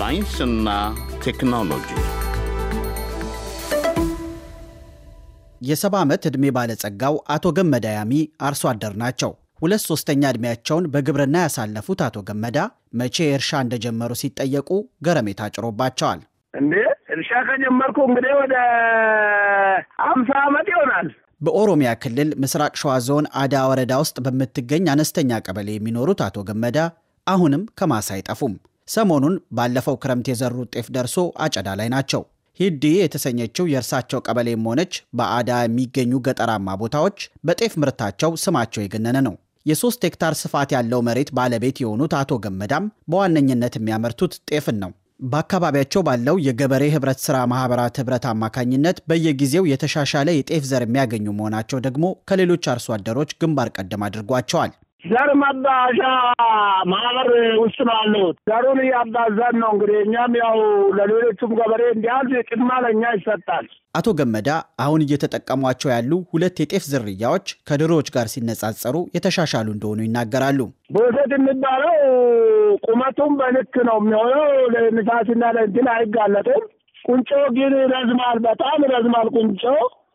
ሳይንስና ቴክኖሎጂ የሰባ ዓመት ዕድሜ ባለጸጋው አቶ ገመዳ ያሚ አርሶ አደር ናቸው። ሁለት ሶስተኛ ዕድሜያቸውን በግብርና ያሳለፉት አቶ ገመዳ መቼ እርሻ እንደጀመሩ ሲጠየቁ ገረሜታ አጭሮባቸዋል። እንዴ እርሻ ከጀመርኩ እንግዲህ ወደ አምሳ ዓመት ይሆናል። በኦሮሚያ ክልል ምስራቅ ሸዋ ዞን አዳ ወረዳ ውስጥ በምትገኝ አነስተኛ ቀበሌ የሚኖሩት አቶ ገመዳ አሁንም ከማሳ አይጠፉም። ሰሞኑን ባለፈው ክረምት የዘሩት ጤፍ ደርሶ አጨዳ ላይ ናቸው። ሂዲ የተሰኘችው የእርሳቸው ቀበሌም ሆነች በአዳ የሚገኙ ገጠራማ ቦታዎች በጤፍ ምርታቸው ስማቸው የገነነ ነው። የሶስት ሄክታር ስፋት ያለው መሬት ባለቤት የሆኑት አቶ ገመዳም በዋነኝነት የሚያመርቱት ጤፍን ነው። በአካባቢያቸው ባለው የገበሬ ህብረት ሥራ ማህበራት ህብረት አማካኝነት በየጊዜው የተሻሻለ የጤፍ ዘር የሚያገኙ መሆናቸው ደግሞ ከሌሎች አርሶ አደሮች ግንባር ቀደም አድርጓቸዋል። ዘር ማባዣ ማህበር ውስጥ ነው ያለሁት። ዘሩን እያባዛን ነው እንግዲህ እኛም ያው ለሌሎቹም ገበሬ እንዲያዝ ቅድማ ለእኛ ይሰጣል። አቶ ገመዳ አሁን እየተጠቀሟቸው ያሉ ሁለት የጤፍ ዝርያዎች ከድሮዎች ጋር ሲነጻጸሩ የተሻሻሉ እንደሆኑ ይናገራሉ። ቦሰት የሚባለው ቁመቱም በልክ ነው የሚሆነው፣ ለንፋስና ለእንትን አይጋለጥም። ቁንጮ ግን ረዝማል፣ በጣም ረዝማል ቁንጮ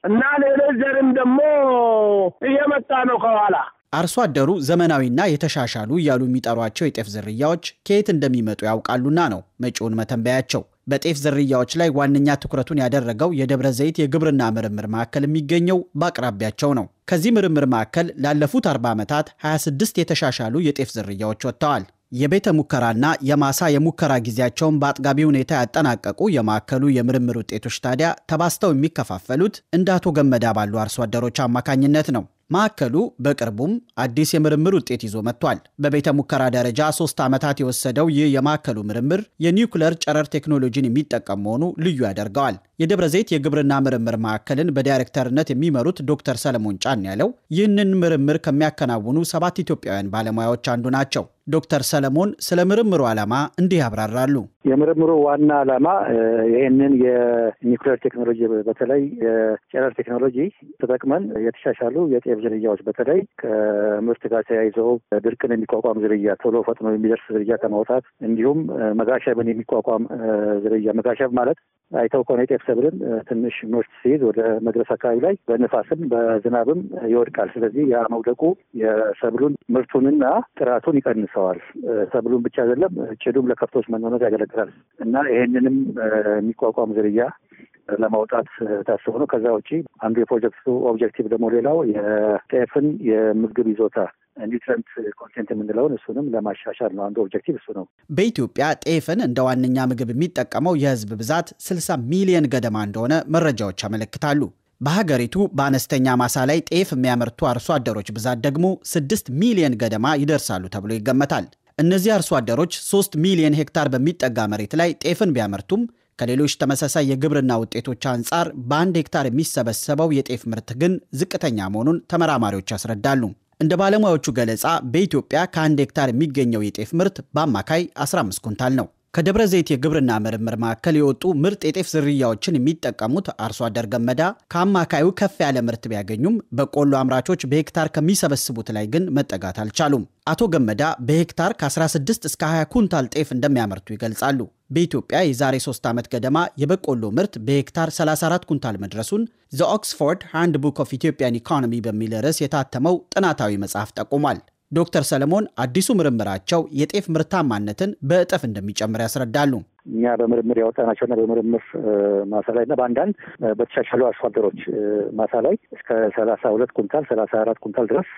እና ሌሎች ዘርም ደግሞ እየመጣ ነው ከኋላ አርሶ አደሩ ዘመናዊና የተሻሻሉ እያሉ የሚጠሯቸው የጤፍ ዝርያዎች ከየት እንደሚመጡ ያውቃሉና ነው መጪውን መተንበያቸው። በጤፍ ዝርያዎች ላይ ዋነኛ ትኩረቱን ያደረገው የደብረ ዘይት የግብርና ምርምር ማዕከል የሚገኘው በአቅራቢያቸው ነው። ከዚህ ምርምር ማዕከል ላለፉት 40 ዓመታት 26 የተሻሻሉ የጤፍ ዝርያዎች ወጥተዋል። የቤተ ሙከራና የማሳ የሙከራ ጊዜያቸውን በአጥጋቢ ሁኔታ ያጠናቀቁ የማዕከሉ የምርምር ውጤቶች ታዲያ ተባስተው የሚከፋፈሉት እንደ አቶ ገመዳ ባሉ አርሶ አደሮች አማካኝነት ነው። ማዕከሉ በቅርቡም አዲስ የምርምር ውጤት ይዞ መጥቷል። በቤተ ሙከራ ደረጃ ሶስት ዓመታት የወሰደው ይህ የማዕከሉ ምርምር የኒውክለር ጨረር ቴክኖሎጂን የሚጠቀም መሆኑ ልዩ ያደርገዋል። የደብረ ዘይት የግብርና ምርምር ማዕከልን በዳይሬክተርነት የሚመሩት ዶክተር ሰለሞን ጫን ያለው ይህንን ምርምር ከሚያከናውኑ ሰባት ኢትዮጵያውያን ባለሙያዎች አንዱ ናቸው። ዶክተር ሰለሞን ስለ ምርምሩ ዓላማ እንዲህ ያብራራሉ። የምርምሩ ዋና ዓላማ ይህንን የኒውክሌር ቴክኖሎጂ በተለይ የጨረር ቴክኖሎጂ ተጠቅመን የተሻሻሉ የጤፍ ዝርያዎች በተለይ ከምርት ጋር ተያይዘው ድርቅን የሚቋቋም ዝርያ ቶሎ ፈጥኖ የሚደርስ ዝርያ ከማውጣት እንዲሁም መጋሸብን የሚቋቋም ዝርያ መጋሸብ ማለት አይተው ከሆነ የጤፍ ሰብልን ትንሽ ምርት ሲይዝ ወደ መድረስ አካባቢ ላይ በንፋስም በዝናብም ይወድቃል። ስለዚህ ያ መውደቁ የሰብሉን ምርቱንና ጥራቱን ይቀንሰዋል። ሰብሉን ብቻ አይደለም ጭዱም ለከብቶች መኖነት ያገለግላል። ይቀጥላል እና ይሄንንም የሚቋቋም ዝርያ ለማውጣት ታስቦ ነው። ከዛ ውጪ አንዱ የፕሮጀክቱ ኦብጀክቲቭ ደግሞ ሌላው የጤፍን የምግብ ይዞታ ኒውትረንት ኮንቴንት የምንለውን እሱንም ለማሻሻል ነው። አንዱ ኦብጀክቲቭ እሱ ነው። በኢትዮጵያ ጤፍን እንደ ዋነኛ ምግብ የሚጠቀመው የህዝብ ብዛት 60 ሚሊየን ገደማ እንደሆነ መረጃዎች ያመለክታሉ። በሀገሪቱ በአነስተኛ ማሳ ላይ ጤፍ የሚያመርቱ አርሶ አደሮች ብዛት ደግሞ 6 ሚሊዮን ገደማ ይደርሳሉ ተብሎ ይገመታል። እነዚህ አርሶ አደሮች 3 ሚሊዮን ሄክታር በሚጠጋ መሬት ላይ ጤፍን ቢያመርቱም ከሌሎች ተመሳሳይ የግብርና ውጤቶች አንጻር በአንድ ሄክታር የሚሰበሰበው የጤፍ ምርት ግን ዝቅተኛ መሆኑን ተመራማሪዎች ያስረዳሉ። እንደ ባለሙያዎቹ ገለጻ በኢትዮጵያ ከአንድ ሄክታር የሚገኘው የጤፍ ምርት በአማካይ 15 ኩንታል ነው። ከደብረ ዘይት የግብርና ምርምር ማዕከል የወጡ ምርጥ የጤፍ ዝርያዎችን የሚጠቀሙት አርሶ አደር ገመዳ ከአማካዩ ከፍ ያለ ምርት ቢያገኙም በቆሎ አምራቾች በሄክታር ከሚሰበስቡት ላይ ግን መጠጋት አልቻሉም። አቶ ገመዳ በሄክታር ከ16 እስከ 20 ኩንታል ጤፍ እንደሚያመርቱ ይገልጻሉ። በኢትዮጵያ የዛሬ 3 ዓመት ገደማ የበቆሎ ምርት በሄክታር 34 ኩንታል መድረሱን ዘ ኦክስፎርድ ሃንድ ቡክ ኦፍ ኢትዮጵያን ኢኮኖሚ በሚል ርዕስ የታተመው ጥናታዊ መጽሐፍ ጠቁሟል። ዶክተር ሰለሞን አዲሱ ምርምራቸው የጤፍ ምርታማነትን በእጥፍ እንደሚጨምር ያስረዳሉ። እኛ በምርምር ያወጣናቸውና በምርምር ማሳ ላይ እና በአንዳንድ በተሻሻሉ አርሶ አደሮች ማሳ ላይ እስከ ሰላሳ ሁለት ኩንታል ሰላሳ አራት ኩንታል ድረስ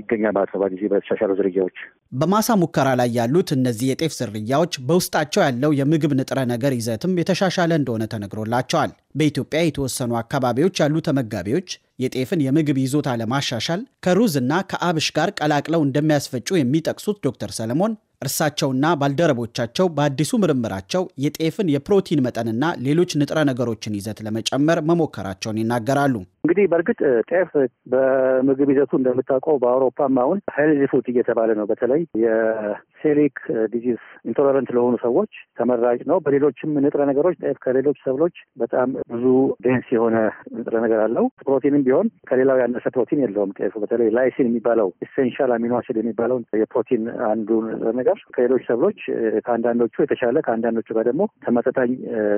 ይገኛል ማለት ነው። በጊዜ በተሻሻሉ ዝርያዎች በማሳ ሙከራ ላይ ያሉት እነዚህ የጤፍ ዝርያዎች በውስጣቸው ያለው የምግብ ንጥረ ነገር ይዘትም የተሻሻለ እንደሆነ ተነግሮላቸዋል። በኢትዮጵያ የተወሰኑ አካባቢዎች ያሉ ተመጋቢዎች የጤፍን የምግብ ይዞታ ለማሻሻል ከሩዝ እና ከአብሽ ጋር ቀላቅለው እንደሚያስፈጩ የሚጠቅሱት ዶክተር ሰለሞን እርሳቸውና ባልደረቦቻቸው በአዲሱ ምርምራቸው የጤፍን የፕሮቲን መጠንና ሌሎች ንጥረ ነገሮችን ይዘት ለመጨመር መሞከራቸውን ይናገራሉ። እንግዲህ በእርግጥ ጤፍ በምግብ ይዘቱ እንደምታውቀው በአውሮፓም አሁን ሄልዚ ፉድ እየተባለ ነው። በተለይ የሴሊክ ዲዚዝ ኢንቶለረንት ለሆኑ ሰዎች ተመራጭ ነው። በሌሎችም ንጥረ ነገሮች ጤፍ ከሌሎች ሰብሎች በጣም ብዙ ዴንስ የሆነ ንጥረ ነገር አለው። ፕሮቲንም ቢሆን ከሌላው ያነሰ ፕሮቲን የለውም። ጤፍ በተለይ ላይሲን የሚባለው ኢሴንሻል አሚኖ አሲድ የሚባለውን የፕሮቲን አንዱ ንጥረ ነገር ከሌሎች ሰብሎች ከአንዳንዶቹ የተሻለ ከአንዳንዶቹ ጋር ደግሞ ተመጣጣኝ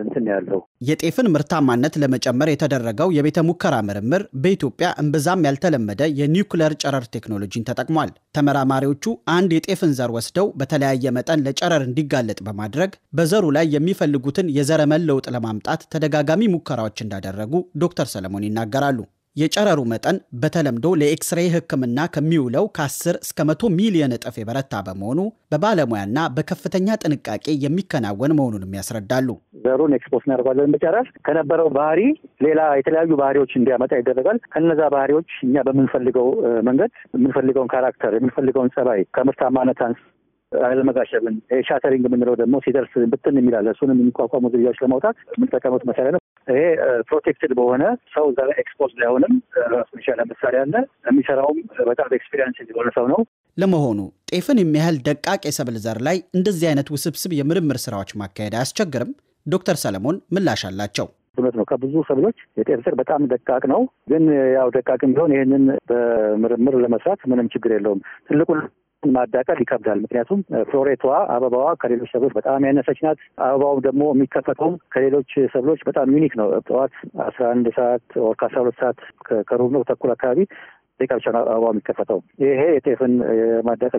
እንትን ያለው የጤፍን ምርታማነት ለመጨመር የተደረገው የቤተ ሙከራ ምርምር በኢትዮጵያ እምብዛም ያልተለመደ የኒውክለር ጨረር ቴክኖሎጂን ተጠቅሟል። ተመራማሪዎቹ አንድ የጤፍን ዘር ወስደው በተለያየ መጠን ለጨረር እንዲጋለጥ በማድረግ በዘሩ ላይ የሚፈልጉትን የዘረመል ለውጥ ለማምጣት ተደጋጋሚ ሙከራዎች እንዳደረጉ ዶክተር ሰለሞን ይናገራሉ። የጨረሩ መጠን በተለምዶ ለኤክስሬይ ሕክምና ከሚውለው ከ10 እስከ 100 ሚሊዮን እጥፍ የበረታ በመሆኑ በባለሙያና በከፍተኛ ጥንቃቄ የሚከናወን መሆኑንም ያስረዳሉ። ዘሩን ኤክስፖስ እናደርጓለን በጨረስ ከነበረው ባህሪ ሌላ የተለያዩ ባህሪዎች እንዲያመጣ ይደረጋል። ከነዛ ባህሪዎች እኛ በምንፈልገው መንገድ የምንፈልገውን ካራክተር የምንፈልገውን ጸባይ ከምርታማነት አንስ አለመጋሸብን ሻተሪንግ የምንለው ደግሞ ሲደርስ ብትን የሚላለ እሱንም የሚቋቋሙ ዝርያዎች ለማውጣት የምንጠቀሙት መሳሪያ ነው። ይሄ ፕሮቴክትድ በሆነ ሰው እዛ ላይ ኤክስፖዝ ላይሆንም ራሱ የቻለ መሳሪያ አለ። የሚሰራውም በጣም ኤክስፔሪንስ የሆነ ሰው ነው። ለመሆኑ ጤፍን የሚያህል ደቃቅ የሰብል ዘር ላይ እንደዚህ አይነት ውስብስብ የምርምር ስራዎች ማካሄድ አያስቸግርም? ዶክተር ሰለሞን ምላሽ አላቸው። እውነት ነው። ከብዙ ሰብሎች የጤፍ ዘር በጣም ደቃቅ ነው። ግን ያው ደቃቅም ቢሆን ይህንን በምርምር ለመስራት ምንም ችግር የለውም። ትልቁ ማዳቀል ይከብዳል። ምክንያቱም ፍሎሬቷ አበባዋ ከሌሎች ሰብሎች በጣም ያነሰች ናት። አበባውም ደግሞ የሚከፈተውም ከሌሎች ሰብሎች በጣም ዩኒክ ነው። ጠዋት አስራ አንድ ሰዓት ወር ከአስራ ሁለት ሰዓት ከሩብ ነው ተኩል አካባቢ ደቂቃ ብቻ ነው አበባው የሚከፈተው። ይሄ የጤፍን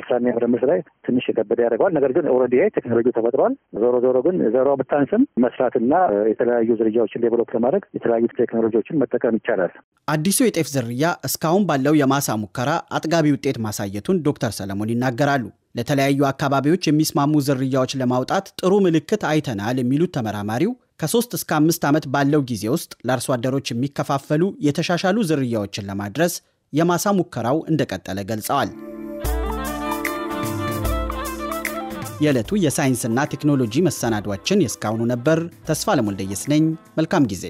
ስራ ምርምስ ላይ ትንሽ የከበደ ያደርገዋል። ነገር ግን ኦልሬዲ ይሄ ቴክኖሎጂ ተፈጥሯል። ዞሮ ዞሮ ግን ዘሯ ብታንስም መስራትና የተለያዩ ዝርያዎችን ዴቨሎፕ ለማድረግ የተለያዩ ቴክኖሎጂዎችን መጠቀም ይቻላል። አዲሱ የጤፍ ዝርያ እስካሁን ባለው የማሳ ሙከራ አጥጋቢ ውጤት ማሳየቱን ዶክተር ሰለሞን ይናገራሉ። ለተለያዩ አካባቢዎች የሚስማሙ ዝርያዎች ለማውጣት ጥሩ ምልክት አይተናል የሚሉት ተመራማሪው ከሶስት እስከ አምስት ዓመት ባለው ጊዜ ውስጥ ለአርሶ አደሮች የሚከፋፈሉ የተሻሻሉ ዝርያዎችን ለማድረስ የማሳ ሙከራው እንደቀጠለ ገልጸዋል። የዕለቱ የሳይንስና ቴክኖሎጂ መሰናዷችን የስካሁኑ ነበር። ተስፋ ለሞልደየስ ነኝ። መልካም ጊዜ